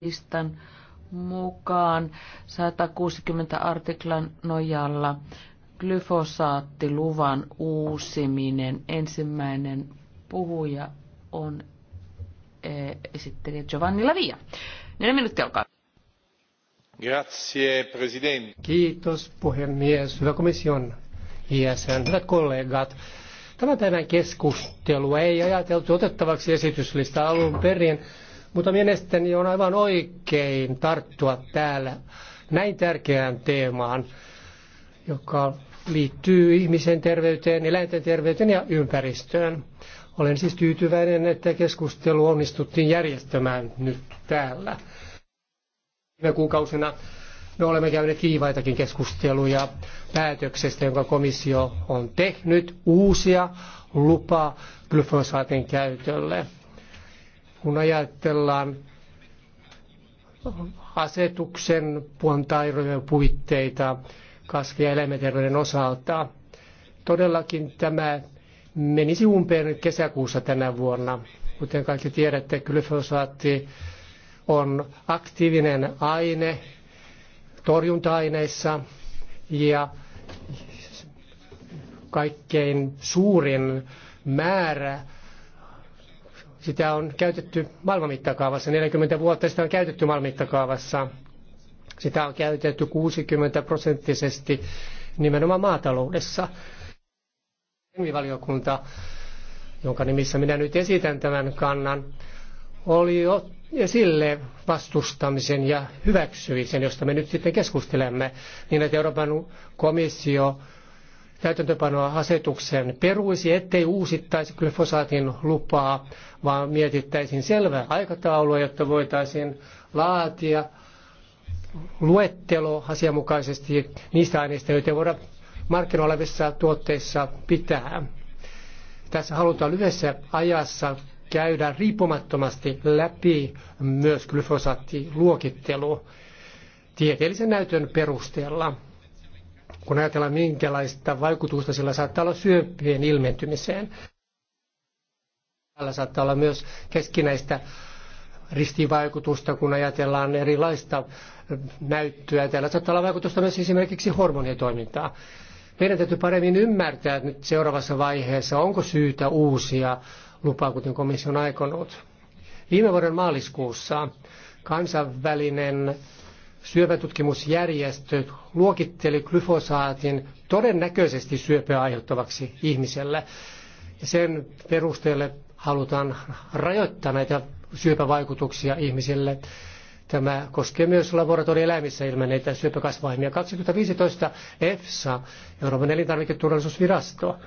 listan mukaan 160 artiklan nojalla glyfosaattiluvan uusiminen. Ensimmäinen puhuja on eh, esittelijä Giovanni Lavia. Neljä minuuttia olkaa. Grazie, presidente. Kiitos puhemies, hyvä komission jäsen, hyvät kollegat. Tämä päivän keskustelu ei ajateltu otettavaksi esityslista alun perin, mutta mielestäni on aivan oikein tarttua täällä näin tärkeään teemaan, joka liittyy ihmisen terveyteen, eläinten terveyteen ja ympäristöön. Olen siis tyytyväinen, että keskustelu onnistuttiin järjestämään nyt täällä. Viime kuukausina me olemme käyneet kiivaitakin keskusteluja päätöksestä, jonka komissio on tehnyt uusia lupa glyfosaatin käytölle kun ajatellaan asetuksen puontairojen puitteita kasvi- ja eläimeterveyden osalta. Todellakin tämä menisi umpeen kesäkuussa tänä vuonna. Kuten kaikki tiedätte, glyfosaatti on aktiivinen aine torjunta-aineissa ja kaikkein suurin määrä sitä on käytetty maailman mittakaavassa. 40 vuotta sitä on käytetty maailman mittakaavassa. Sitä on käytetty 60 prosenttisesti nimenomaan maataloudessa. Valiokunta, jonka nimissä minä nyt esitän tämän kannan, oli jo esille vastustamisen ja hyväksyi sen, josta me nyt sitten keskustelemme, niin että Euroopan komissio täytäntöpanoa asetuksen peruisi, ettei uusittaisi glyfosaatin lupaa, vaan mietittäisiin selvää aikataulua, jotta voitaisiin laatia luettelo asianmukaisesti niistä aineista, joita voida markkinoilla olevissa tuotteissa pitää. Tässä halutaan lyhyessä ajassa käydä riippumattomasti läpi myös glyfosaattiluokittelu tieteellisen näytön perusteella kun ajatellaan minkälaista vaikutusta sillä saattaa olla syöpien ilmentymiseen. Täällä saattaa olla myös keskinäistä ristivaikutusta, kun ajatellaan erilaista näyttöä. Täällä saattaa olla vaikutusta myös esimerkiksi hormonitoimintaa. Meidän täytyy paremmin ymmärtää nyt seuraavassa vaiheessa, onko syytä uusia lupaa, kuten komissio aikonut. Viime vuoden maaliskuussa kansainvälinen Syöpätutkimusjärjestö luokitteli glyfosaatin todennäköisesti syöpää aiheuttavaksi ihmiselle. Ja sen perusteelle halutaan rajoittaa näitä syöpävaikutuksia ihmisille. Tämä koskee myös laboratorioeläimissä ilmenneitä syöpäkasvaimia. 2015 EFSA, Euroopan elintarviketurvallisuusvirasto,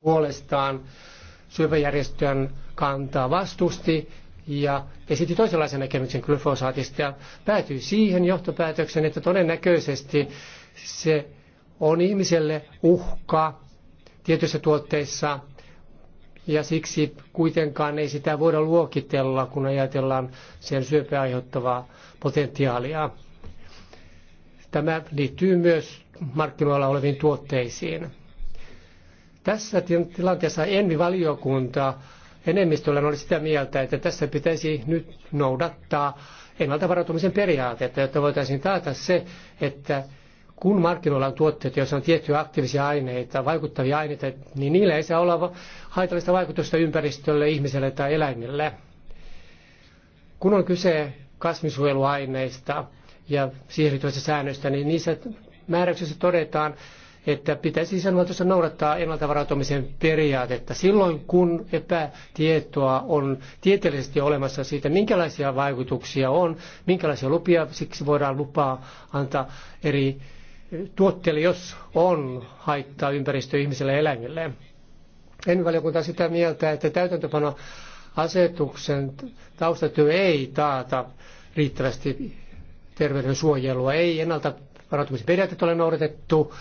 puolestaan syöpäjärjestön kantaa vastusti ja esitti toisenlaisen näkemyksen glyfosaatista ja päätyi siihen johtopäätöksen, että todennäköisesti se on ihmiselle uhka tietyissä tuotteissa ja siksi kuitenkaan ei sitä voida luokitella, kun ajatellaan sen syöpää aiheuttavaa potentiaalia. Tämä liittyy myös markkinoilla oleviin tuotteisiin. Tässä tilanteessa Envi-valiokunta enemmistöllä oli sitä mieltä, että tässä pitäisi nyt noudattaa ennalta varautumisen periaatetta, jotta voitaisiin taata se, että kun markkinoilla on tuotteita, joissa on tiettyjä aktiivisia aineita, vaikuttavia aineita, niin niillä ei saa olla haitallista vaikutusta ympäristölle, ihmiselle tai eläimille. Kun on kyse kasvinsuojeluaineista ja siihen liittyvistä säännöistä, niin niissä määräyksissä todetaan, että pitäisi sisäilmailmatussa noudattaa ennalta varautumisen periaatetta silloin, kun epätietoa on tieteellisesti olemassa siitä, minkälaisia vaikutuksia on, minkälaisia lupia siksi voidaan lupaa antaa eri tuotteille, jos on haittaa ympäristö ihmiselle ja eläimille. En valiokunta sitä mieltä, että täytäntöpano asetuksen taustatyö ei taata riittävästi terveydensuojelua, ei ennalta periaatteet ole noudatettu,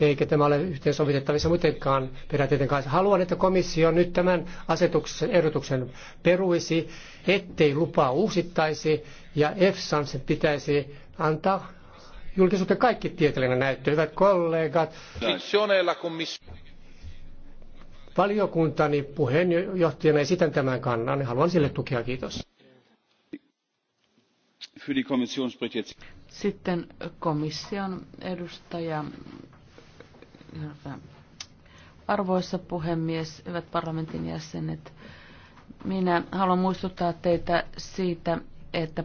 eikä tämä ole yhteensovitettavissa muutenkaan periaatteiden kanssa. Haluan, että komissio nyt tämän asetuksen ehdotuksen peruisi, ettei lupaa uusittaisi ja EFSAn sen pitäisi antaa julkisuuteen kaikki tieteellinen näyttö. Hyvät kollegat, valiokuntani puheenjohtajana esitän tämän kannan. Haluan sille tukea. Kiitos. Sitten komission edustaja Hyvä. Arvoisa puhemies, hyvät parlamentin jäsenet, minä haluan muistuttaa teitä siitä, että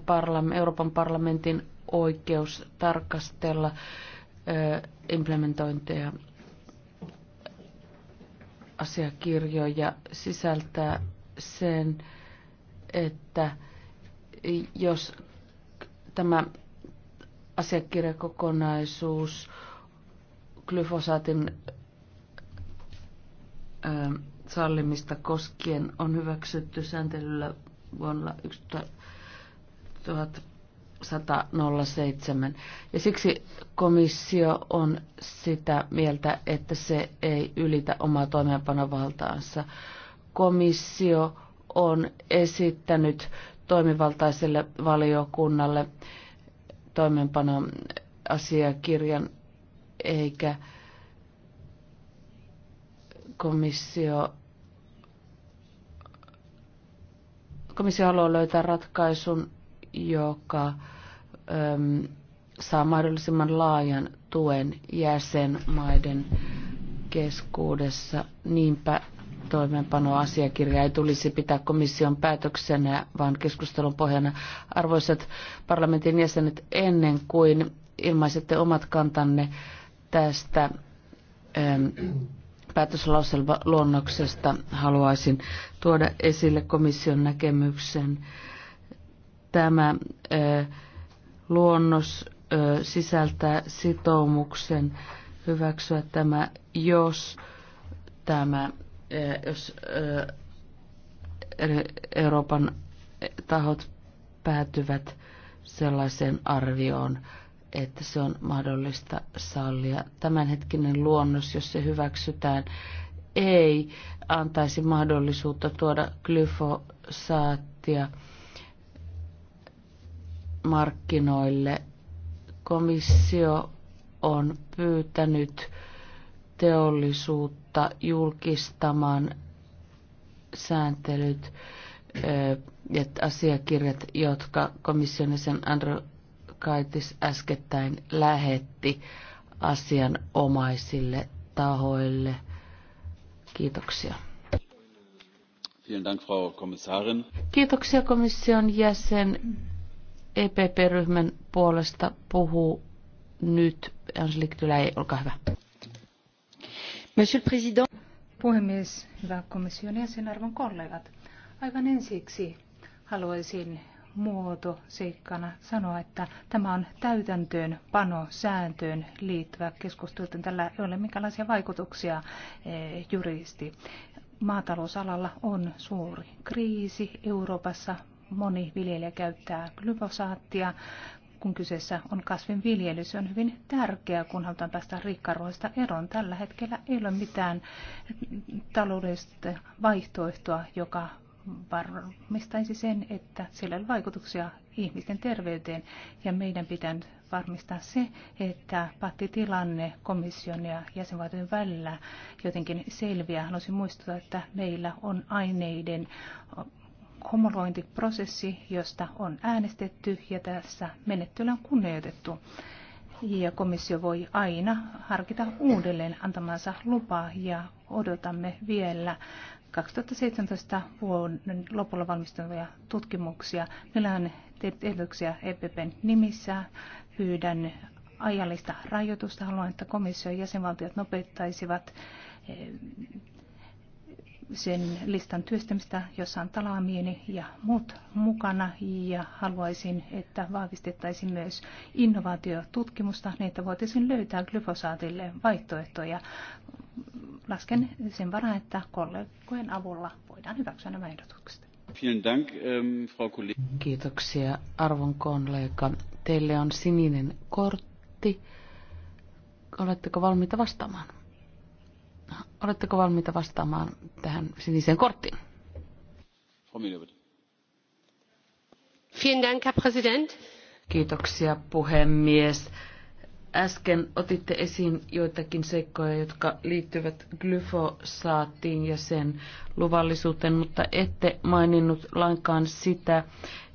Euroopan parlamentin oikeus tarkastella implementointeja asiakirjoja sisältää sen, että jos tämä asiakirjakokonaisuus glyfosaatin sallimista koskien on hyväksytty sääntelyllä vuonna 1107. Ja siksi komissio on sitä mieltä, että se ei ylitä omaa toimeenpanovaltaansa. Komissio on esittänyt toimivaltaiselle valiokunnalle toimeenpanoasiakirjan eikä komissio komissio haluaa löytää ratkaisun, joka äm, saa mahdollisimman laajan tuen jäsenmaiden keskuudessa. Niinpä toimeenpanoasiakirja ei tulisi pitää komission päätöksenä, vaan keskustelun pohjana. Arvoisat parlamentin jäsenet, ennen kuin ilmaisette omat kantanne tästä ähm, luonnoksesta haluaisin tuoda esille komission näkemyksen. Tämä äh, luonnos äh, sisältää sitoumuksen hyväksyä tämä, jos tämä, äh, jos Euroopan tahot päätyvät sellaiseen arvioon, että se on mahdollista sallia. Tämänhetkinen luonnos, jos se hyväksytään, ei antaisi mahdollisuutta tuoda glyfosaattia markkinoille. Komissio on pyytänyt teollisuutta julkistamaan sääntelyt ja asiakirjat, jotka komission sen Andrew Kaitis äskettäin lähetti asianomaisille tahoille. Kiitoksia. Dank, Frau Kommissarin. Kiitoksia komission jäsen. EPP-ryhmän puolesta puhuu nyt Angelique Dulay, olkaa hyvä. Monsieur le Président. Puhemies, hyvä komission jäsen, arvon kollegat. Aivan ensiksi haluaisin muoto seikkana sanoa, että tämä on täytäntöön pano sääntöön liittyvä keskustelu, joten tällä ei ole minkälaisia vaikutuksia eh, juristi. Maatalousalalla on suuri kriisi Euroopassa. Moni viljelijä käyttää glyfosaattia, kun kyseessä on kasvinviljely. Se on hyvin tärkeää, kun halutaan päästä rikkaruoista eroon. Tällä hetkellä ei ole mitään taloudellista vaihtoehtoa, joka varmistaisi sen, että sillä on vaikutuksia ihmisten terveyteen ja meidän pitää varmistaa se, että pattitilanne komission ja jäsenvaltojen välillä jotenkin selviää. Haluaisin muistuttaa, että meillä on aineiden homolointiprosessi, josta on äänestetty ja tässä menettelyä on kunnioitettu. Ja komissio voi aina harkita uudelleen antamansa lupaa ja odotamme vielä 2017 vuoden lopulla valmistuvia tutkimuksia. Meillä on tehtyksiä EPPn nimissä. Pyydän ajallista rajoitusta. Haluan, että komission jäsenvaltiot nopeuttaisivat eh, sen listan työstämistä, jossa on talaamieni ja muut mukana. Ja haluaisin, että vahvistettaisiin myös innovaatiotutkimusta, niin että voitaisiin löytää glyfosaatille vaihtoehtoja. Lasken sen varaa, että kollegojen avulla voidaan hyväksyä nämä ehdotukset. Ähm, Kiitoksia arvon kollega. Teille on sininen kortti. Oletteko valmiita vastaamaan? Oletteko valmiita vastaamaan tähän siniseen korttiin? Kiitoksia puhemies. Äsken otitte esiin joitakin seikkoja, jotka liittyvät glyfosaattiin ja sen luvallisuuteen, mutta ette maininnut lainkaan sitä,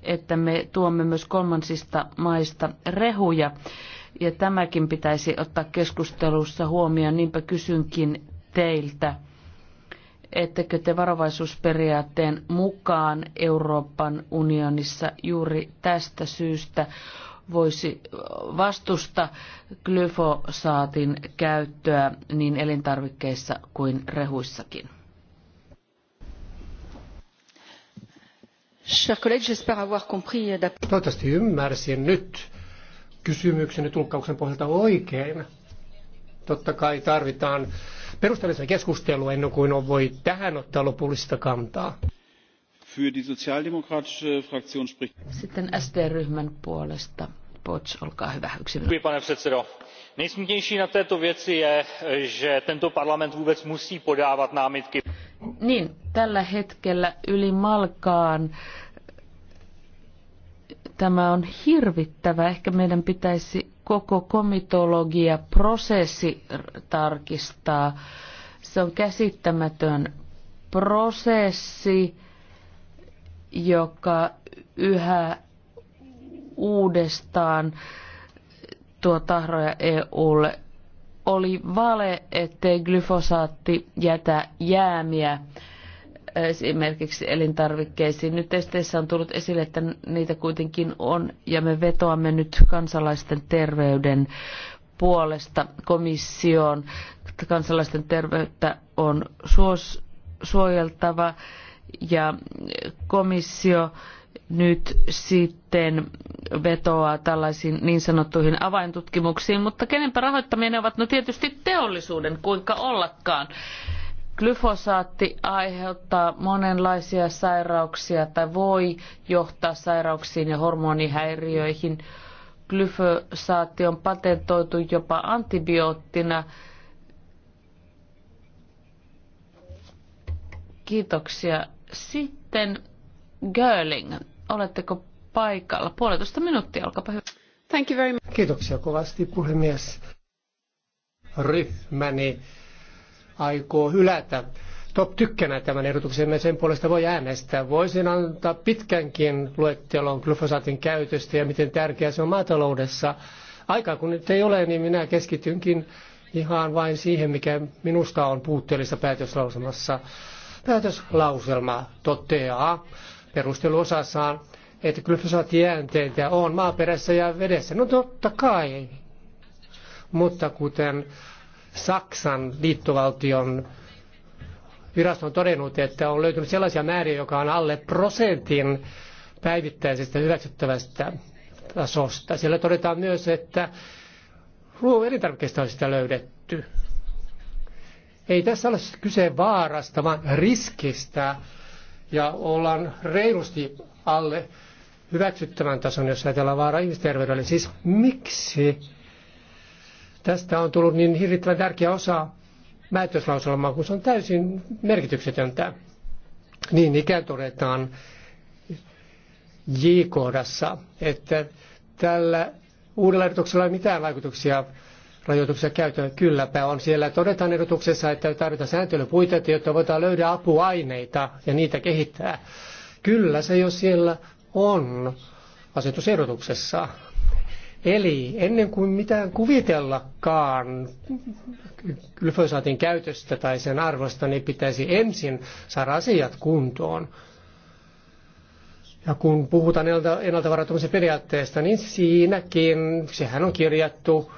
että me tuomme myös kolmansista maista rehuja. Ja tämäkin pitäisi ottaa keskustelussa huomioon. Niinpä kysynkin teiltä. Ettekö te varovaisuusperiaatteen mukaan Euroopan unionissa juuri tästä syystä voisi vastusta glyfosaatin käyttöä niin elintarvikkeissa kuin rehuissakin? Toivottavasti ymmärsin nyt kysymyksen ja tulkkauksen pohjalta oikein. Totta kai tarvitaan perusteellista keskustelua ennen kuin on voi tähän ottaa lopullista kantaa. Sitten sd ryhmän puolesta. Poč, olkaa hyvä, yksi minuutti. pane předsedo. Nejsmutnější na této věci je, že tento parlament vůbec musí podávat námitky. Niin, tällä hetkellä yli malkaan Tämä on hirvittävä. Ehkä meidän pitäisi koko komitologia prosessi tarkistaa. Se on käsittämätön prosessi, joka yhä uudestaan tuo tahroja EUlle. Oli vale, ettei glyfosaatti jätä jäämiä esimerkiksi elintarvikkeisiin. Nyt testeissä on tullut esille, että niitä kuitenkin on, ja me vetoamme nyt kansalaisten terveyden puolesta komissioon. Kansalaisten terveyttä on suos, suojeltava, ja komissio nyt sitten vetoaa tällaisiin niin sanottuihin avaintutkimuksiin, mutta kenenpä rahoittaminen ovat? No tietysti teollisuuden, kuinka ollakaan. Glyfosaatti aiheuttaa monenlaisia sairauksia tai voi johtaa sairauksiin ja hormonihäiriöihin. Glyfosaatti on patentoitu jopa antibioottina. Kiitoksia. Sitten Görling, oletteko paikalla? Puolitoista minuuttia, olkaapa hyvä. Thank you very much. Kiitoksia kovasti puhemies. Ryhmäni aikoo hylätä top tykkänä tämän ehdotuksen. Me sen puolesta voi äänestää. Voisin antaa pitkänkin luettelon glyfosaatin käytöstä ja miten tärkeää se on maataloudessa. Aikaa kun nyt ei ole, niin minä keskitynkin ihan vain siihen, mikä minusta on puutteellista päätöslauselmassa. Päätöslauselma toteaa perusteluosassaan, että glyfosaattijäänteitä on maaperässä ja vedessä. No totta kai. Mutta kuten Saksan liittovaltion virasto on todennut, että on löytynyt sellaisia määriä, joka on alle prosentin päivittäisestä hyväksyttävästä tasosta. Siellä todetaan myös, että ruoan elintarvikkeista on sitä löydetty. Ei tässä ole kyse vaarasta, vaan riskistä. Ja ollaan reilusti alle hyväksyttävän tason, jos ajatellaan vaaraa ihmisterveydelle. Siis miksi Tästä on tullut niin hirvittävän tärkeä osa päätöslauselmaa, kun se on täysin merkityksetöntä. Niin ikään todetaan J-kohdassa, että tällä uudella erotuksella ei mitään vaikutuksia rajoituksia käytöön Kylläpä on siellä. Todetaan erotuksessa, että tarvitaan sääntelypuitteita, jotta voidaan löydä apuaineita ja niitä kehittää. Kyllä se jo siellä on asetuserotuksessa. Eli ennen kuin mitään kuvitellakaan glyfosaatin käytöstä tai sen arvosta, niin pitäisi ensin saada asiat kuntoon. Ja kun puhutaan ennalta varautumisen periaatteesta, niin siinäkin, sehän on kirjattu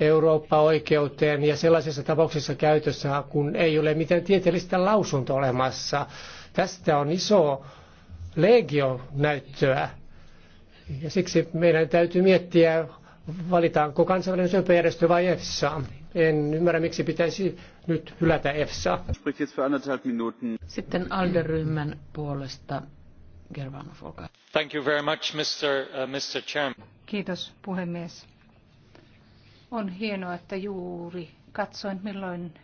Eurooppa-oikeuteen ja sellaisessa tapauksessa käytössä, kun ei ole mitään tieteellistä lausuntoa olemassa. Tästä on iso legio näyttöä ja siksi meidän täytyy miettiä, valitaanko kansainvälinen syöpäjärjestö vai EFSA. En ymmärrä, miksi pitäisi nyt hylätä EFSA. Sitten ALDE-ryhmän puolesta Gervano olkaa. Thank you very much, Mr. Uh, Mr. Chairman. Kiitos, puhemies. On hienoa, että juuri katsoin, milloin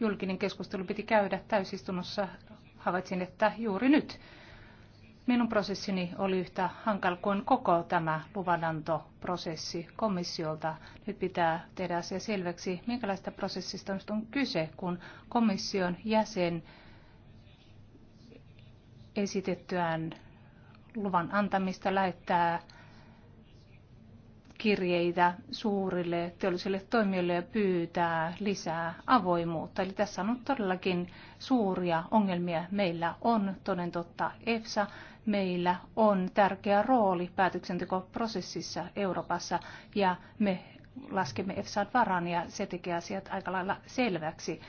julkinen keskustelu piti käydä täysistunnossa. Havaitsin, että juuri nyt. Minun prosessini oli yhtä hankala kuin koko tämä luvanantoprosessi komissiolta. Nyt pitää tehdä asia selväksi, minkälaista prosessista on kyse, kun komission jäsen esitettyään luvan antamista lähettää kirjeitä suurille teollisille toimijoille ja pyytää lisää avoimuutta. Eli tässä on todellakin suuria ongelmia. Meillä on toden totta EFSA, meillä on tärkeä rooli päätöksentekoprosessissa Euroopassa ja me laskemme EFSAn varan ja se tekee asiat aika lailla selväksi.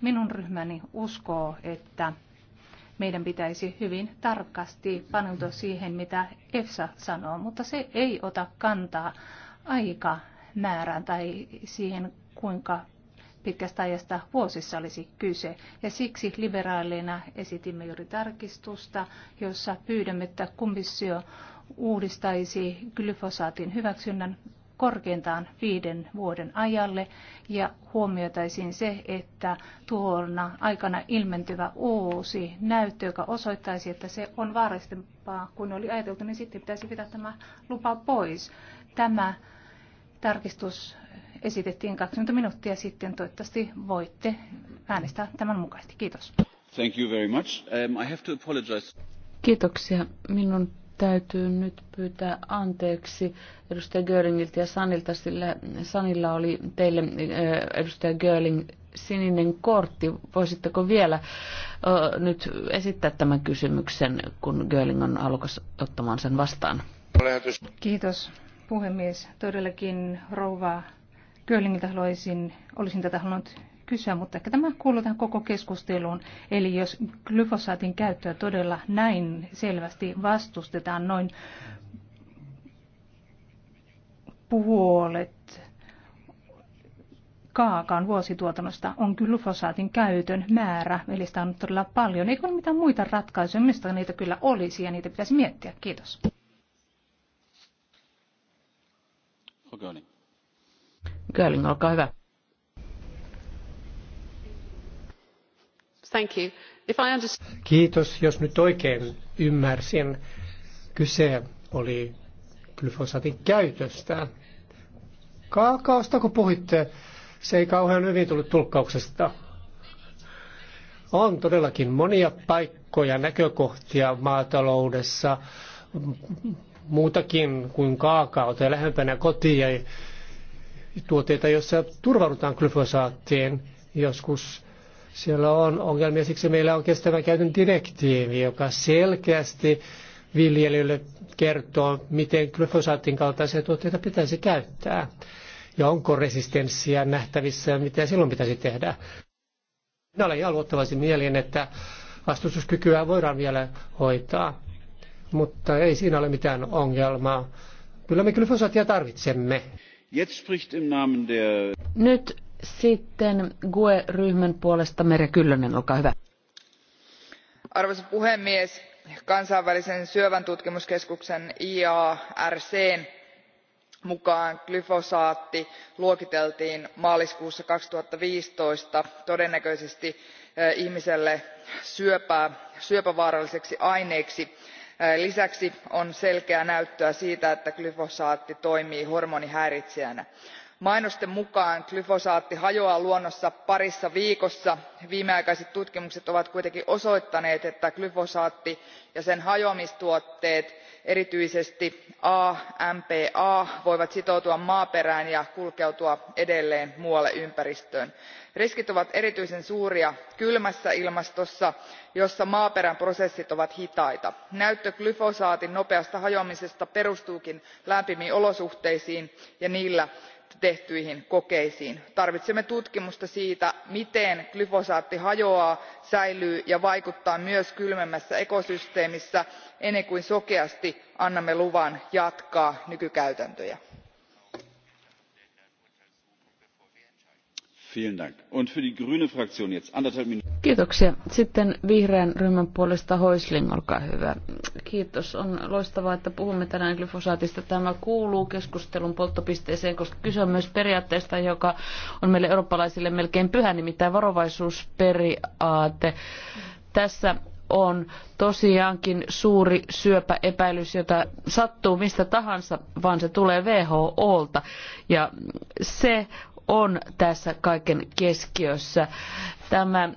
Minun ryhmäni uskoo, että meidän pitäisi hyvin tarkasti paneutua siihen, mitä EFSA sanoo, mutta se ei ota kantaa aika määrään tai siihen, kuinka pitkästä ajasta vuosissa olisi kyse. Ja siksi liberaaleina esitimme juuri tarkistusta, jossa pyydämme, että komissio uudistaisi glyfosaatin hyväksynnän korkeintaan viiden vuoden ajalle ja huomioitaisiin se, että tuona aikana ilmentyvä uusi näyttö, joka osoittaisi, että se on vaarallisempaa kuin oli ajateltu, niin sitten pitäisi pitää tämä lupa pois. Tämä tarkistus esitettiin 20 minuuttia sitten. Toivottavasti voitte äänestää tämän mukaisesti. Kiitos. Thank you very much. Um, I have to apologize. Kiitoksia. Minun täytyy nyt pyytää anteeksi edustaja Görlingiltä ja Sanilta, sillä Sanilla oli teille eh, edustaja Görling sininen kortti. Voisitteko vielä ö, eh, nyt esittää tämän kysymyksen, kun Görling on alukas ottamaan sen vastaan? Kiitos puhemies. Todellakin rouva Köölingiltä haluaisin, olisin tätä halunnut kysyä, mutta ehkä tämä kuuluu tähän koko keskusteluun. Eli jos glyfosaatin käyttöä todella näin selvästi vastustetaan, noin puolet kaakaan vuosituotannosta on glyfosaatin käytön määrä, eli sitä on todella paljon. Eikö ole mitään muita ratkaisuja, mistä niitä kyllä olisi ja niitä pitäisi miettiä? Kiitos. Okay, niin. Görling, olkaa hyvä. Thank you. If I understand... Kiitos, jos nyt oikein ymmärsin. Kyse oli glyfosatin käytöstä. Kaakaosta kun puhitte, se ei kauhean hyvin tullut tulkkauksesta. On todellakin monia paikkoja, näkökohtia maataloudessa, muutakin kuin kaakaota ja lähempänä kotia, tuotteita, joissa turvaudutaan glyfosaattiin. Joskus siellä on ongelmia, siksi meillä on kestävän käytön direktiivi, joka selkeästi viljelijöille kertoo, miten glyfosaattin kaltaisia tuotteita pitäisi käyttää ja onko resistenssiä nähtävissä ja mitä silloin pitäisi tehdä. Minä olen ihan luottavaisin mielin, että vastustuskykyä voidaan vielä hoitaa, mutta ei siinä ole mitään ongelmaa. Kyllä me glyfosaattia tarvitsemme. Nyt sitten GUE-ryhmän puolesta Merja Kyllönen, olkaa hyvä. Arvoisa puhemies, kansainvälisen syövän tutkimuskeskuksen IARC mukaan glyfosaatti luokiteltiin maaliskuussa 2015 todennäköisesti eh, ihmiselle syöpää syöpävaaralliseksi aineeksi lisäksi on selkeää näyttöä siitä että glyfosaatti toimii hormonihäiritsijänä mainosten mukaan glyfosaatti hajoaa luonnossa parissa viikossa viimeaikaiset tutkimukset ovat kuitenkin osoittaneet että glyfosaatti ja sen hajoamistuotteet erityisesti ampa voivat sitoutua maaperään ja kulkeutua edelleen muualle ympäristöön. riskit ovat erityisen suuria kylmässä ilmastossa jossa maaperän prosessit ovat hitaita. näyttö glyfosaatin nopeasta hajoamisesta perustuukin lämpimiin olosuhteisiin ja niillä tehtyihin kokeisiin. tarvitsemme tutkimusta siitä miten glyfosaatti hajoaa säilyy ja vaikuttaa myös kylmemmässä ekosysteemissä ennen kuin sokeasti annamme luvan jatkaa nykykäytäntöjä. Kiitoksia. Sitten vihreän ryhmän puolesta Hoisling, olkaa hyvä. Kiitos. On loistavaa, että puhumme tänään glyfosaatista. Tämä kuuluu keskustelun polttopisteeseen, koska kyse on myös periaatteesta, joka on meille eurooppalaisille melkein pyhä, nimittäin varovaisuusperiaate. Tässä on tosiaankin suuri syöpäepäilys, jota sattuu mistä tahansa, vaan se tulee WHOlta. Ja se on tässä kaiken keskiössä. Tämä,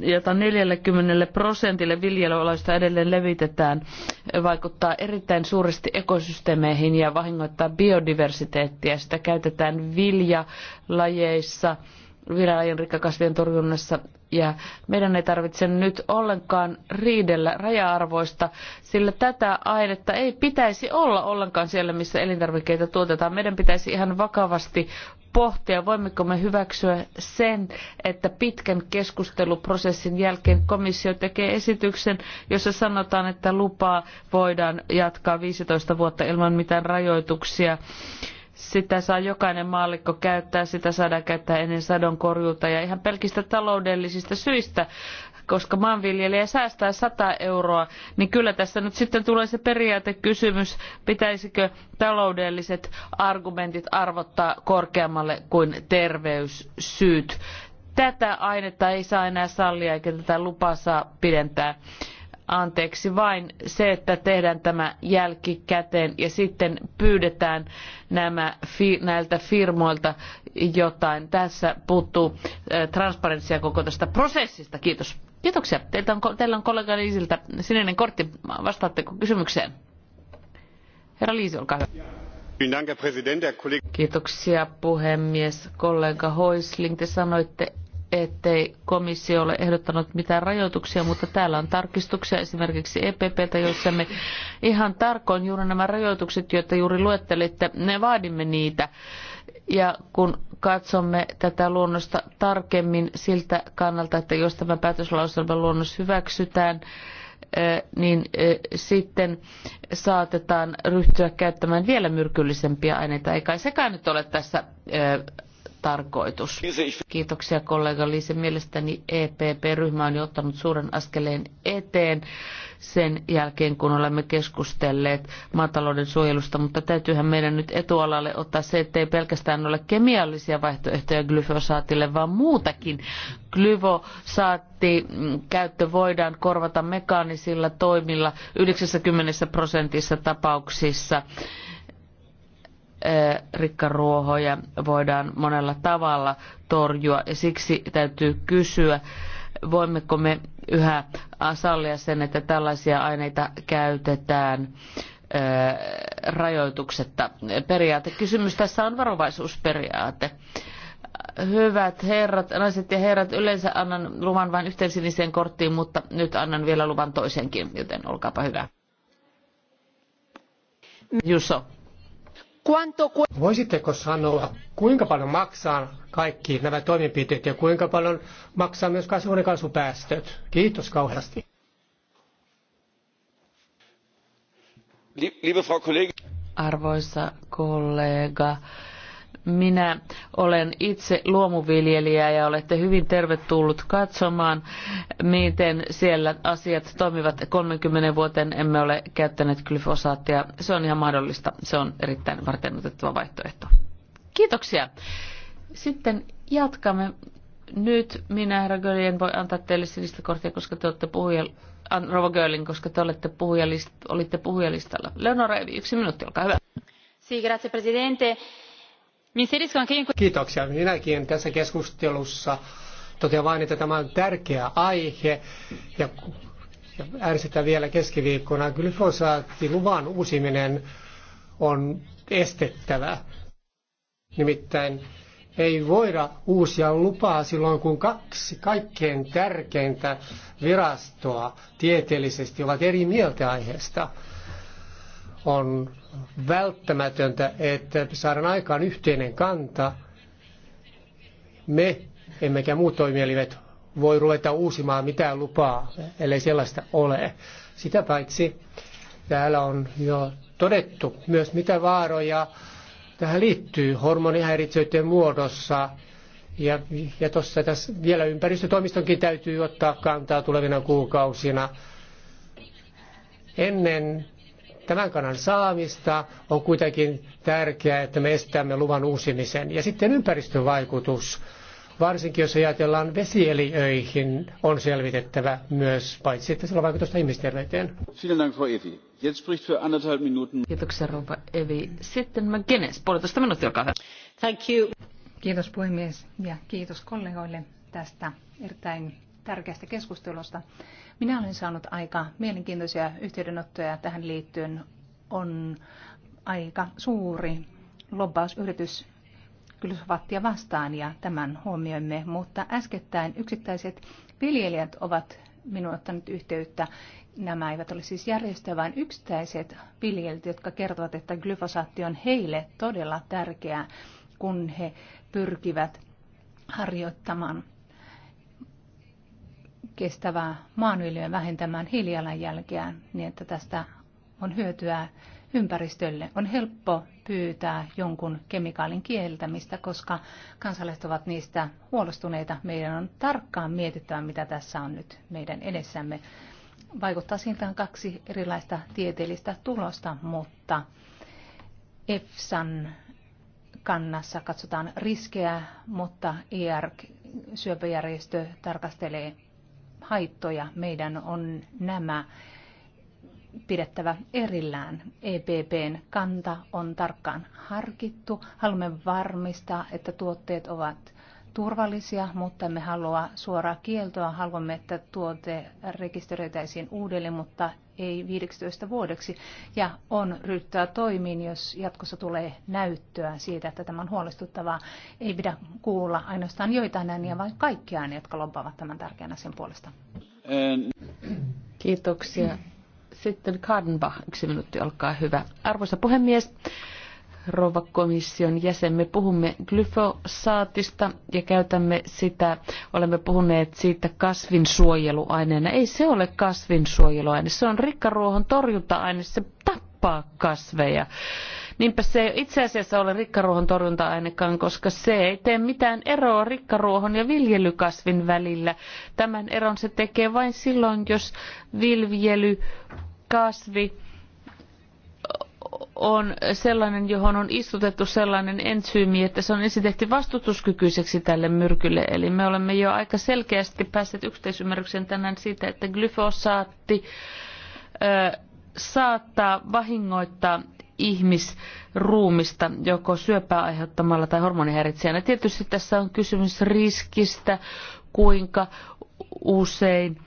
jota 40 prosentille viljelyoloista edelleen levitetään, vaikuttaa erittäin suuresti ekosysteemeihin ja vahingoittaa biodiversiteettiä. Sitä käytetään viljalajeissa, lajeissa viljelijän rikkakasvien torjunnassa ja meidän ei tarvitse nyt ollenkaan riidellä raja-arvoista, sillä tätä ainetta ei pitäisi olla ollenkaan siellä, missä elintarvikkeita tuotetaan. Meidän pitäisi ihan vakavasti pohtia, voimmeko me hyväksyä sen, että pitkän keskusteluprosessin jälkeen komissio tekee esityksen, jossa sanotaan, että lupaa voidaan jatkaa 15 vuotta ilman mitään rajoituksia sitä saa jokainen maallikko käyttää, sitä saadaan käyttää ennen sadon korjuuta ja ihan pelkistä taloudellisista syistä, koska maanviljelijä säästää 100 euroa, niin kyllä tässä nyt sitten tulee se periaatekysymys, pitäisikö taloudelliset argumentit arvottaa korkeammalle kuin terveyssyyt. Tätä ainetta ei saa enää sallia eikä tätä lupaa saa pidentää anteeksi vain se, että tehdään tämä jälkikäteen ja sitten pyydetään nämä, näiltä firmoilta jotain. Tässä puuttuu transparenssia koko tästä prosessista. Kiitos. Kiitoksia. Teiltä on, teillä on kollega Liisiltä sininen kortti. Vastaatteko kysymykseen? Herra Liisi, olkaa hyvä. Kiitoksia puhemies. Kollega Hoisling, te sanoitte, ettei komissio ole ehdottanut mitään rajoituksia, mutta täällä on tarkistuksia esimerkiksi EPPltä, jossa me ihan tarkoin juuri nämä rajoitukset, joita juuri luettelitte, ne vaadimme niitä. Ja kun katsomme tätä luonnosta tarkemmin siltä kannalta, että jos tämä päätöslauselman luonnos hyväksytään, niin sitten saatetaan ryhtyä käyttämään vielä myrkyllisempiä aineita. Eikä sekään nyt ole tässä tarkoitus. Kiitoksia kollega Liise. Mielestäni EPP-ryhmä on jo ottanut suuren askeleen eteen sen jälkeen, kun olemme keskustelleet maatalouden suojelusta, mutta täytyyhän meidän nyt etualalle ottaa se, ettei pelkästään ole kemiallisia vaihtoehtoja glyfosaatille, vaan muutakin. Glyfosaatti mm, käyttö voidaan korvata mekaanisilla toimilla 90 prosentissa tapauksissa. Eh, rikkaruohoja voidaan monella tavalla torjua ja siksi täytyy kysyä, voimmeko me yhä sallia sen, että tällaisia aineita käytetään eh, rajoituksetta. Periaatekysymys tässä on varovaisuusperiaate. Hyvät herrat, naiset ja herrat, yleensä annan luvan vain yhteen siniseen korttiin, mutta nyt annan vielä luvan toisenkin, joten olkaapa hyvä. Jusso Voisitteko sanoa, kuinka paljon maksaa kaikki nämä toimenpiteet ja kuinka paljon maksaa myös kasvuhuonekaasupäästöt? Kiitos kauheasti. Arvoisa kollega, minä olen itse luomuviljelijä ja olette hyvin tervetullut katsomaan, miten siellä asiat toimivat. 30 vuoteen emme ole käyttäneet glyfosaattia. Se on ihan mahdollista. Se on erittäin varteenotettava vaihtoehto. Kiitoksia. Sitten jatkamme. Nyt minä, herra Göli, voi antaa teille sinistä korttia, koska te olette puhuja, an, Rova Görlin, koska te olette puhujalist, olitte puhujalistalla. Leonora, yksi minuutti, olkaa hyvä. Sì, grazie Presidente Kiitoksia. Minäkin tässä keskustelussa totean vain, että tämä on tärkeä aihe ja, ja äänestetään vielä keskiviikkona. luvan uusiminen on estettävä. Nimittäin ei voida uusia lupaa silloin, kun kaksi kaikkein tärkeintä virastoa tieteellisesti ovat eri mieltä aiheesta. On välttämätöntä, että saadaan aikaan yhteinen kanta. Me, emmekä muut toimielimet, voi ruveta uusimaan mitään lupaa, ellei sellaista ole. Sitä paitsi täällä on jo todettu myös mitä vaaroja tähän liittyy hormonihäiritsöiden muodossa. Ja, ja tuossa tässä vielä ympäristötoimistonkin täytyy ottaa kantaa tulevina kuukausina. Ennen Tämän kanan saamista on kuitenkin tärkeää, että me estämme luvan uusimisen. Ja sitten ympäristövaikutus, varsinkin jos ajatellaan vesieliöihin, on selvitettävä myös, paitsi että sillä on vaikutusta ihmisterveyteen. Kiitoksia, Rouva Evi. Sitten mä McGuinness, puolitoista minuuttia, olkaa hyvä. Thank you. Kiitos puhemies ja kiitos kollegoille tästä erittäin tärkeästä keskustelusta. Minä olen saanut aika mielenkiintoisia yhteydenottoja tähän liittyen. On aika suuri lobbausyritys glyfosaattia vastaan ja tämän huomioimme, mutta äskettäin yksittäiset viljelijät ovat minun ottanut yhteyttä. Nämä eivät ole siis järjestöjä, vaan yksittäiset viljelijät, jotka kertovat, että glyfosaatti on heille todella tärkeää, kun he pyrkivät harjoittamaan kestävää maanviljelyä vähentämään hiilijalanjälkeä, niin, että tästä on hyötyä ympäristölle. On helppo pyytää jonkun kemikaalin kieltämistä, koska kansalaiset ovat niistä huolestuneita. Meidän on tarkkaan mietittävä, mitä tässä on nyt meidän edessämme. Vaikuttaa siltä on kaksi erilaista tieteellistä tulosta, mutta EFSAn kannassa katsotaan riskejä, mutta ERK syöpäjärjestö, tarkastelee haittoja. Meidän on nämä pidettävä erillään. EPPn kanta on tarkkaan harkittu. Haluamme varmistaa, että tuotteet ovat turvallisia, mutta me halua suoraa kieltoa. Haluamme, että tuote rekisteröitäisiin uudelleen, mutta ei 15 vuodeksi. Ja on ryhtyä toimiin, jos jatkossa tulee näyttöä siitä, että tämä on huolestuttavaa. Ei pidä kuulla ainoastaan joitain ääniä, vaan kaikkia ääniä, jotka lobbaavat tämän tärkeän asian puolesta. Kiitoksia. Sitten Kadenbach, yksi minuutti, olkaa hyvä. Arvoisa puhemies, rouva komission jäsen. Me puhumme glyfosaatista ja käytämme sitä, olemme puhuneet siitä kasvinsuojeluaineena. Ei se ole kasvinsuojeluaine, se on rikkaruohon torjunta-aine, se tappaa kasveja. Niinpä se ei itse asiassa ole rikkaruohon torjunta-ainekaan, koska se ei tee mitään eroa rikkaruohon ja viljelykasvin välillä. Tämän eron se tekee vain silloin, jos viljelykasvi on sellainen, johon on istutettu sellainen entsyymi, että se on ensin tehty vastustuskykyiseksi tälle myrkylle. Eli me olemme jo aika selkeästi päässeet yhteisymmärrykseen tänään siitä, että glyfosaatti ö, saattaa vahingoittaa ihmisruumista joko syöpää aiheuttamalla tai hormonihäiritsijänä. Tietysti tässä on kysymys riskistä, kuinka usein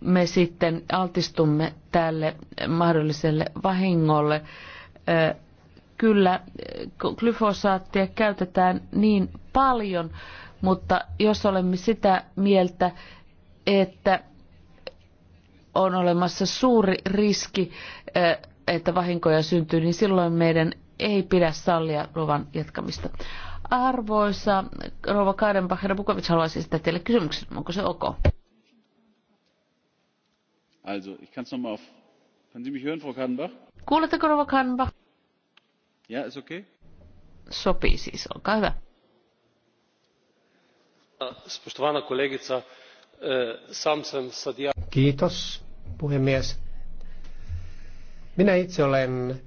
me sitten altistumme tälle mahdolliselle vahingolle kyllä glyfosaattia käytetään niin paljon, mutta jos olemme sitä mieltä, että on olemassa suuri riski, että vahinkoja syntyy, niin silloin meidän ei pidä sallia luvan jatkamista. Arvoisa Rova Kaidenbach, herra Bukovic haluaisin sitä teille kysymyksen. Onko se ok? Also, ich kann's nochmal auf... Können Sie mich hören, Frau Kadenbach? Kuuletteko Rova Kanba? Yeah, it's okay. Sopii siis, olkaa hyvä. Spoštovana kollegica, eh, sam sem sadia... Kiitos, puhemies. Minä itse olen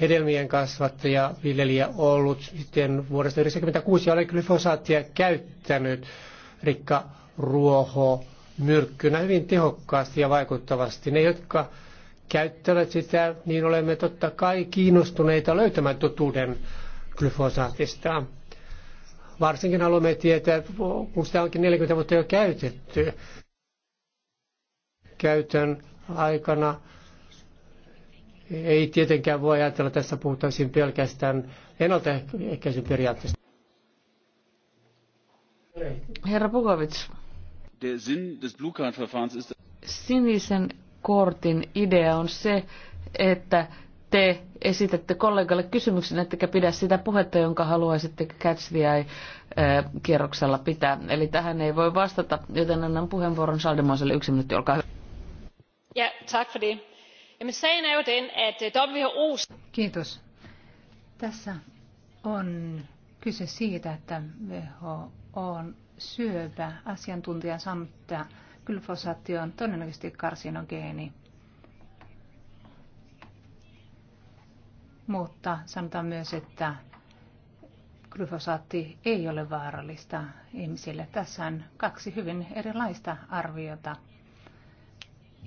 hedelmien kasvattaja, viljelijä ollut sitten vuodesta 1996 ja olen glyfosaattia käyttänyt rikka ruoho myrkkynä hyvin tehokkaasti ja vaikuttavasti. Ne, jotka käyttävät sitä, niin olemme totta kai kiinnostuneita löytämään totuuden glyfosaatista. Varsinkin haluamme tietää, kun sitä onkin 40 vuotta jo käytetty. Käytön aikana ei tietenkään voi ajatella, tässä puhuttaisiin pelkästään ennaltaehkäisyn periaatteesta. Herra Pukovic. Sinisen kortin idea on se, että te esitätte kollegalle kysymyksen, ettekä pidä sitä puhetta, jonka haluaisitte Catch the Eye-kierroksella pitää. Eli tähän ei voi vastata, joten annan puheenvuoron Saldemoiselle yksi minuutti, olkaa hyvä. Ja, tack för det. Eh, Kiitos. Tässä on kyse siitä, että WHO on syöpä asiantuntijan saanut glyfosaatti on todennäköisesti karsinogeeni. Mutta sanotaan myös, että glyfosaatti ei ole vaarallista ihmisille. Tässä on kaksi hyvin erilaista arviota.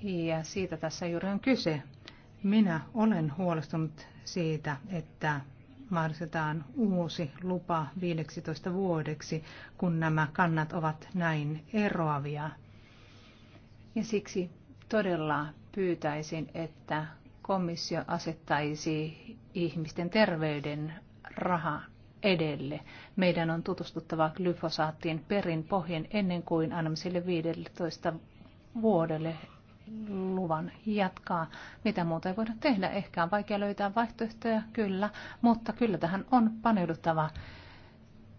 Ja siitä tässä juuri on kyse. Minä olen huolestunut siitä, että mahdollistetaan uusi lupa 15 vuodeksi, kun nämä kannat ovat näin eroavia. Ja siksi todella pyytäisin, että komissio asettaisi ihmisten terveyden raha edelle. Meidän on tutustuttava glyfosaattiin perin pohjen ennen kuin annamme sille 15 vuodelle luvan jatkaa. Mitä muuta ei voida tehdä. Ehkä on vaikea löytää vaihtoehtoja, kyllä, mutta kyllä tähän on paneuduttava.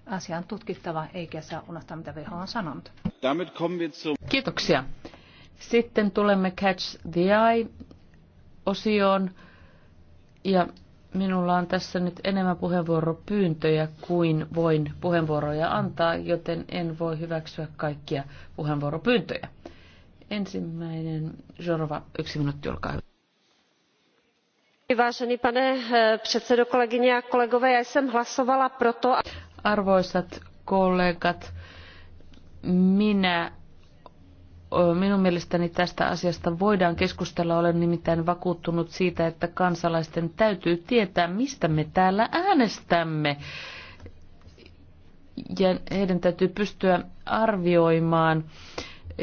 Asia tutkittava, eikä saa unohtaa, mitä WHO on sanonut. Kiitoksia. Sitten tulemme Catch the Eye-osioon. Ja minulla on tässä nyt enemmän puheenvuoropyyntöjä kuin voin puheenvuoroja antaa, joten en voi hyväksyä kaikkia puheenvuoropyyntöjä. Ensimmäinen, Jorova, yksi minuutti, olkaa hyvä. Vážený pane eh, předsedo, kolegyně a kolegové, já jsem hlasovala proto... Arvoisat kollegat, minä Minun mielestäni tästä asiasta voidaan keskustella. Olen nimittäin vakuuttunut siitä, että kansalaisten täytyy tietää, mistä me täällä äänestämme. Ja heidän täytyy pystyä arvioimaan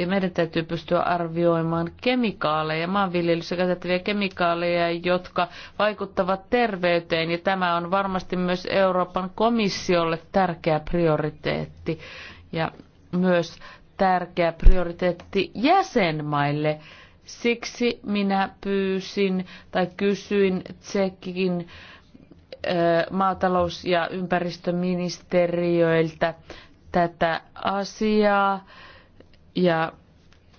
meidän täytyy pystyä arvioimaan kemikaaleja, maanviljelyssä käytettäviä kemikaaleja, jotka vaikuttavat terveyteen. Ja tämä on varmasti myös Euroopan komissiolle tärkeä prioriteetti. Ja myös tärkeä prioriteetti jäsenmaille. Siksi minä pyysin tai kysyin Tsekin maatalous- ja ympäristöministeriöiltä tätä asiaa ja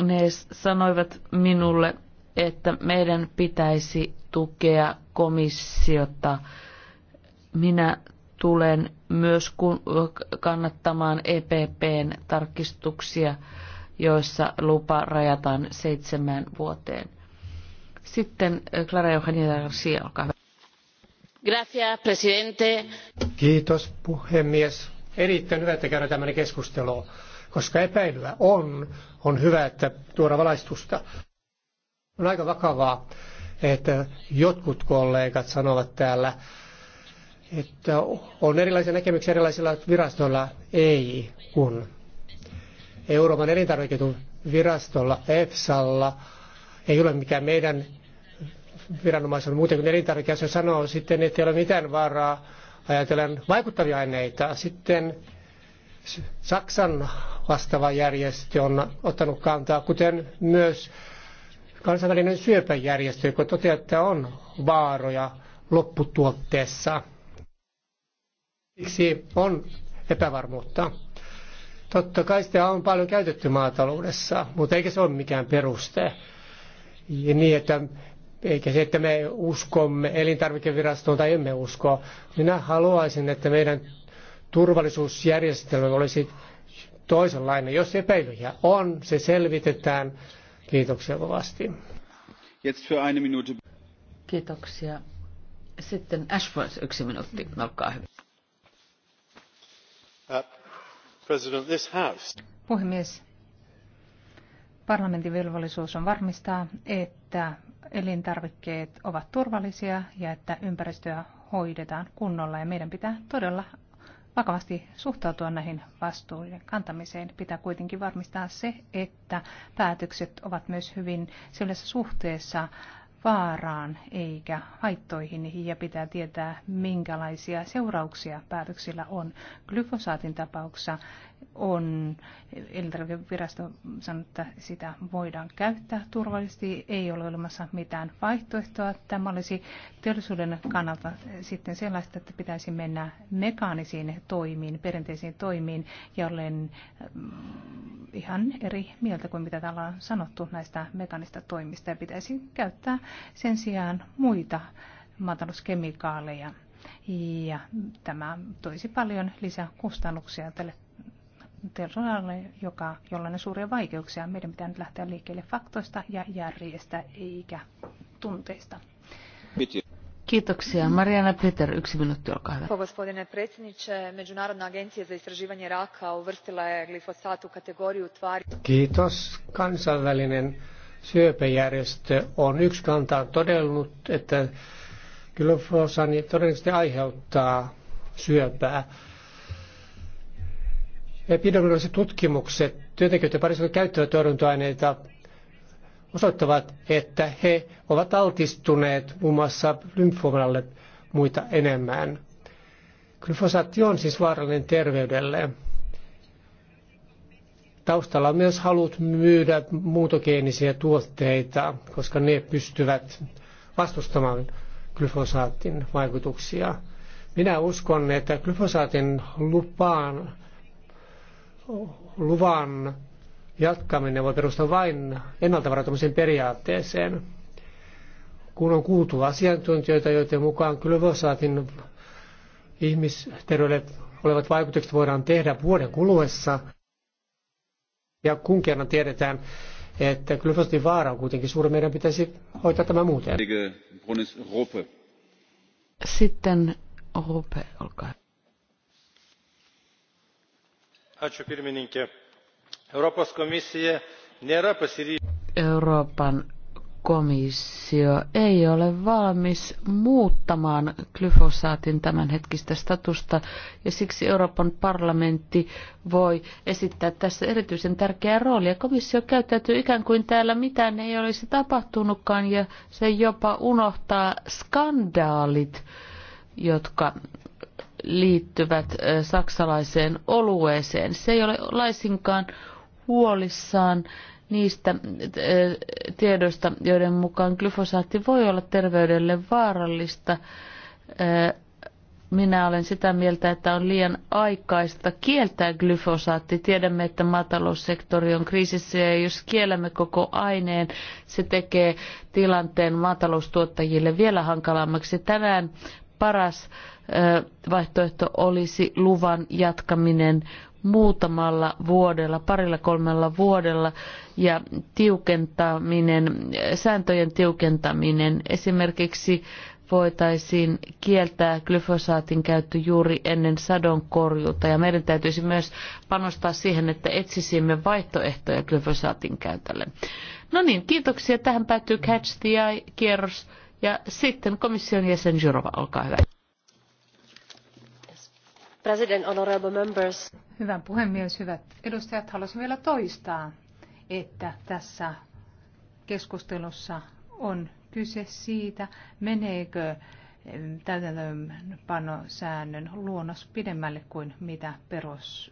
ne sanoivat minulle, että meidän pitäisi tukea komissiota. Minä tulen myös kannattamaan EPPn tarkistuksia, joissa lupa rajataan seitsemään vuoteen. Sitten eh, Clara Eugenia Garcia, olkaa hyvä. Gracias, presidente. Kiitos puhemies. Erittäin hyvä, että käydään tämmöinen keskustelu, koska epäilyä on. On hyvä, että tuoda valaistusta. On aika vakavaa, että jotkut kollegat sanovat täällä, että on erilaisia näkemyksiä erilaisilla virastoilla, ei kun Euroopan elintarviketun virastolla, EFSalla, ei ole mikään meidän viranomaisella muuten kuin elintarvikeasia sanoo sitten, että ei ole mitään vaaraa ajatellen vaikuttavia aineita. Sitten Saksan vastaava järjestö on ottanut kantaa, kuten myös kansainvälinen syöpäjärjestö, joka toteaa, että on vaaroja lopputuotteessa. Siksi on epävarmuutta. Totta kai sitä on paljon käytetty maataloudessa, mutta eikä se ole mikään peruste. Ja niin, että eikä se, että me uskomme elintarvikevirastoon tai emme usko. Minä haluaisin, että meidän turvallisuusjärjestelmä olisi toisenlainen. Jos epäilyjä on, se selvitetään. Kiitoksia kovasti. Kiitoksia. Sitten Ashworth, yksi minuutti. Olkaa hyvä. Puhemies, parlamentin velvollisuus on varmistaa, että elintarvikkeet ovat turvallisia ja että ympäristöä hoidetaan kunnolla ja meidän pitää todella vakavasti suhtautua näihin vastuiden kantamiseen. Pitää kuitenkin varmistaa se, että päätökset ovat myös hyvin sellaisessa suhteessa vaaraan eikä haittoihin ja pitää tietää, minkälaisia seurauksia päätöksillä on. Glyfosaatin tapauksessa on elintarvikevirasto sanonut, että sitä voidaan käyttää turvallisesti. Ei ole olemassa mitään vaihtoehtoa. Tämä olisi teollisuuden kannalta sitten sellaista, että pitäisi mennä mekaanisiin toimiin, perinteisiin toimiin, ja olen mm, ihan eri mieltä kuin mitä täällä on sanottu näistä mekaanista toimista, ja pitäisi käyttää sen sijaan muita maatalouskemikaaleja. Ja tämä toisi paljon lisää kustannuksia tälle terroralle, joka, jolla on suuria vaikeuksia. Meidän pitää nyt lähteä liikkeelle faktoista ja järjestä eikä tunteista. Kiitoksia. Mariana Peter, yksi minuutti, olkaa hyvä. Gospodine predsjedniče, Međunarodna agencija za istraživanje raka uvrstila je glifosat u kategoriju tvari. Kiitos. Kansainvälinen syöpäjärjestö on yksi kantaa todellut, että glifosani todennäköisesti aiheuttaa syöpää Epidemiologiset tutkimukset työntekijöiden parissa käyttävät torjunta osoittavat, että he ovat altistuneet muun muassa lymfoomalle muita enemmän. Glyfosaatti on siis vaarallinen terveydelle. Taustalla on myös halut myydä muutogeenisiä tuotteita, koska ne pystyvät vastustamaan glyfosaatin vaikutuksia. Minä uskon, että glyfosaatin lupaan luvan jatkaminen voi perustua vain ennaltavarautumisen periaatteeseen. Kun on kuultu asiantuntijoita, joiden mukaan glyfosaatin ihmisterveydelle olevat vaikutukset voidaan tehdä vuoden kuluessa, ja kun kerran tiedetään, että glyfosaatin vaara on kuitenkin suuri, meidän pitäisi hoitaa tämä muuten. Sitten Rope, olkaa Europos komisija nėra pasiryžusi. Euroopan komissio ei ole valmis muuttamaan glyfosaatin tämänhetkistä statusta ja siksi Euroopan parlamentti voi esittää tässä erityisen tärkeää roolia. Komissio käyttäytyy ikään kuin täällä mitään ei olisi tapahtunutkaan ja se jopa unohtaa skandaalit, jotka liittyvät saksalaiseen olueeseen. Se ei ole laisinkaan huolissaan niistä tiedoista, joiden mukaan glyfosaatti voi olla terveydelle vaarallista. Minä olen sitä mieltä, että on liian aikaista kieltää glyfosaatti. Tiedämme, että maataloussektori on kriisissä ja jos kiellämme koko aineen, se tekee tilanteen maataloustuottajille vielä hankalammaksi. Tänään paras vaihtoehto olisi luvan jatkaminen muutamalla vuodella, parilla kolmella vuodella ja tiukentaminen, sääntöjen tiukentaminen. Esimerkiksi voitaisiin kieltää glyfosaatin käyttö juuri ennen sadonkorjuuta ja meidän täytyisi myös panostaa siihen, että etsisimme vaihtoehtoja glyfosaatin käytölle. No niin, kiitoksia. Tähän päättyy Catch the Eye-kierros. Ja sitten komission jäsen Jurova, olkaa hyvä. President, honorable members. puhemies, hyvät edustajat. Haluaisin vielä toistaa, että tässä keskustelussa on kyse siitä, meneekö täytäntöönpanosäännön luonnos pidemmälle kuin mitä perus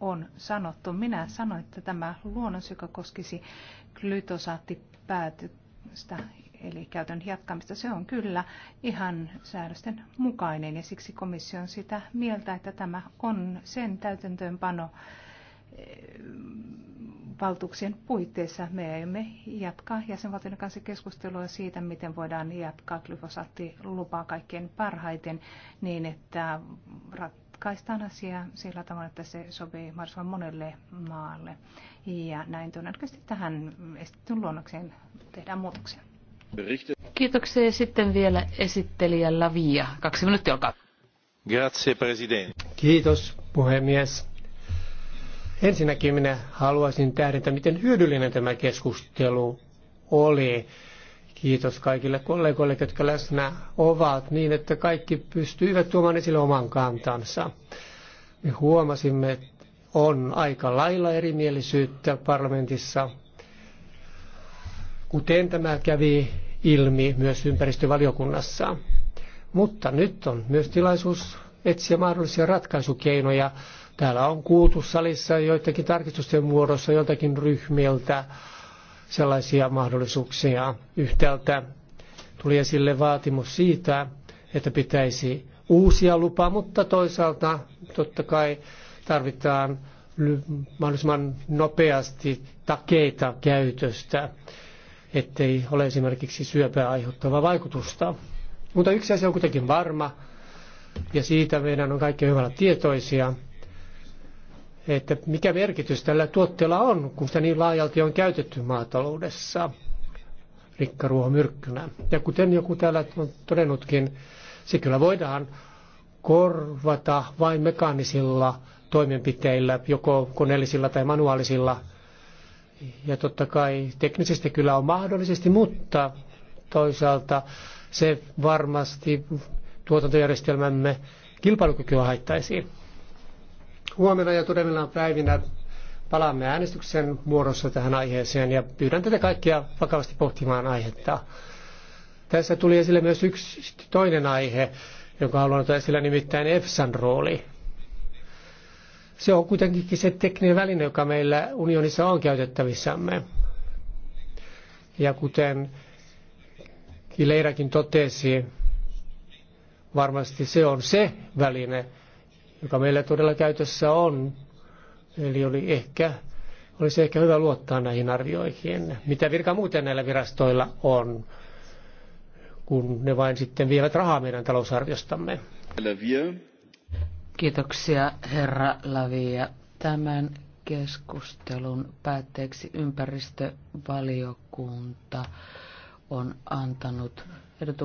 on sanottu. Minä sanoin, että tämä luonnos, joka koskisi glytosaattipäätöksiä, eli käytön jatkamista, se on kyllä ihan säädösten mukainen ja siksi komissio on sitä mieltä, että tämä on sen täytäntöönpano eh, valtuuksien puitteissa me emme jatkaa jäsenvaltioiden kanssa keskustelua siitä, miten voidaan jatkaa glyfosaattilupaa kaikkein parhaiten niin, että ratkaistaan asia sillä tavalla, että se sopii mahdollisimman monelle maalle. Ja näin todennäköisesti tähän esitetyn luonnokseen tehdään muutoksia. Kiitoksia. Sitten vielä esittelijä Lavia. Kaksi minuuttia, olkaa. Grazie, president. Kiitos, puhemies. Ensinnäkin minä haluaisin tähdentää, miten hyödyllinen tämä keskustelu oli Kiitos kaikille kollegoille, jotka läsnä ovat, niin että kaikki pystyivät tuomaan esille oman kantansa. Me huomasimme, että on aika lailla erimielisyyttä parlamentissa, kuten tämä kävi ilmi myös ympäristövaliokunnassa. Mutta nyt on myös tilaisuus etsiä mahdollisia ratkaisukeinoja. Täällä on kuultu salissa joitakin tarkistusten muodossa joitakin ryhmiltä sellaisia mahdollisuuksia. Yhtäältä tuli esille vaatimus siitä, että pitäisi uusia lupaa, mutta toisaalta totta kai tarvitaan mahdollisimman nopeasti takeita käytöstä, ettei ole esimerkiksi syöpää aiheuttavaa vaikutusta. Mutta yksi asia on kuitenkin varma, ja siitä meidän on kaikki hyvällä tietoisia, että mikä merkitys tällä tuotteella on, kun sitä niin laajalti on käytetty maataloudessa rikkaruohomyrkkynä. Ja kuten joku täällä on todennutkin, se kyllä voidaan korvata vain mekaanisilla toimenpiteillä, joko koneellisilla tai manuaalisilla. Ja totta kai teknisesti kyllä on mahdollisesti, mutta toisaalta se varmasti tuotantojärjestelmämme kilpailukykyä haittaisi. Huomenna ja tulevina päivinä palaamme äänestyksen muodossa tähän aiheeseen ja pyydän tätä kaikkia vakavasti pohtimaan aihetta. Tässä tuli esille myös yksi toinen aihe, jonka haluan ottaa esille nimittäin EFSAn rooli. Se on kuitenkin se tekninen väline, joka meillä unionissa on käytettävissämme. Ja kuten leirakin totesi, varmasti se on se väline, joka meillä todella käytössä on. Eli oli ehkä, olisi ehkä hyvä luottaa näihin arvioihin. Mitä virka muuten näillä virastoilla on, kun ne vain sitten vievät rahaa meidän talousarviostamme. Kiitoksia herra Lavia. Tämän keskustelun päätteeksi ympäristövaliokunta on antanut ehdotuksen.